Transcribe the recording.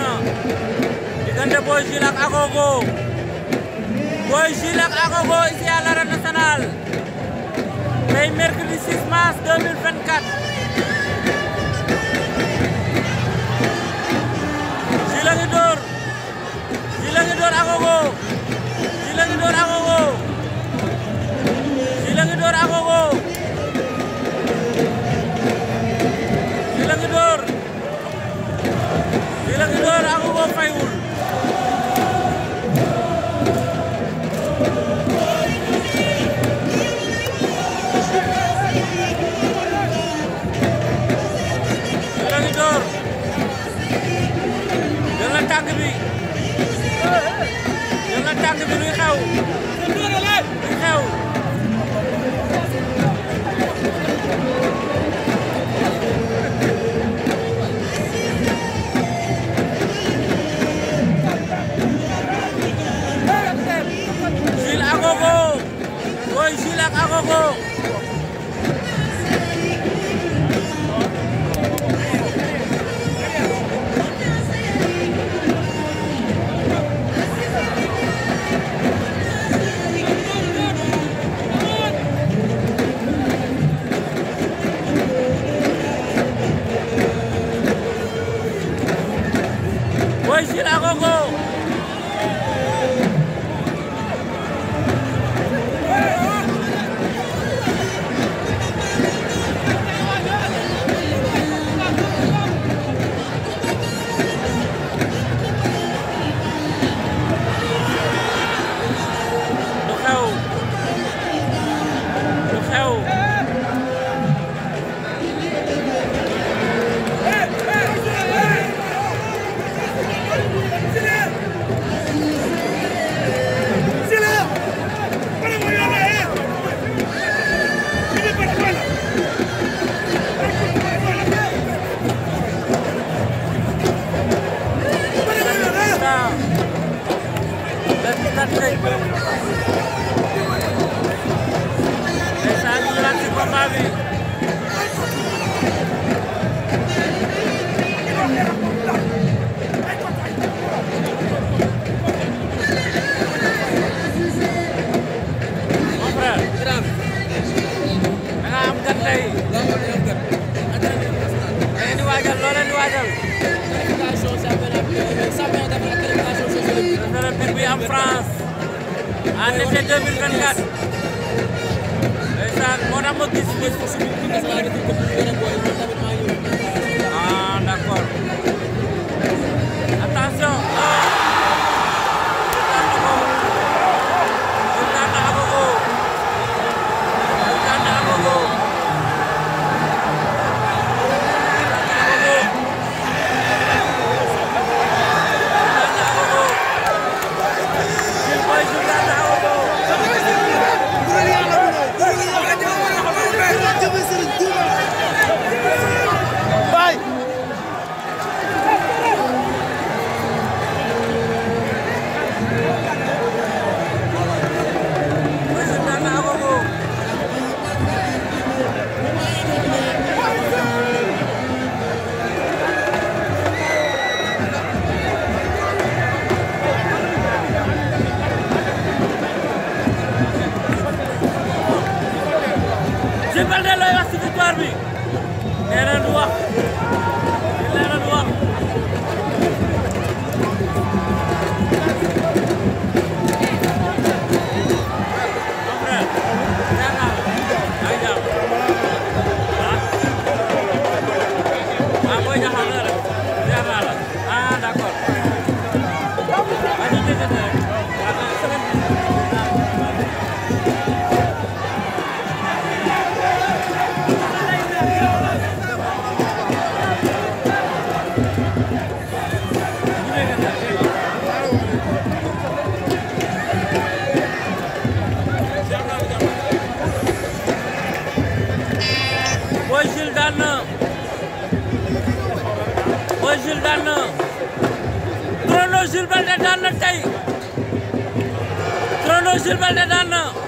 na diggante Boy Jules ak Agogo Boy Jules ak Agogo ici à l'arène nationale tey mercredi 6 mars 2024 Jules a ngi door Jules a ngi door Agogo tànk bi jël na tànk bi luy xew luy xew Jules ak Agogo booy Jules ak Agogo Go. Ndeysaan ñu ñëwaat ci combat bi en France en été 2024 ndeysaan moo tax ma gis gis Boy Jules daan na daan na tey Trondo Jules Baldé daan na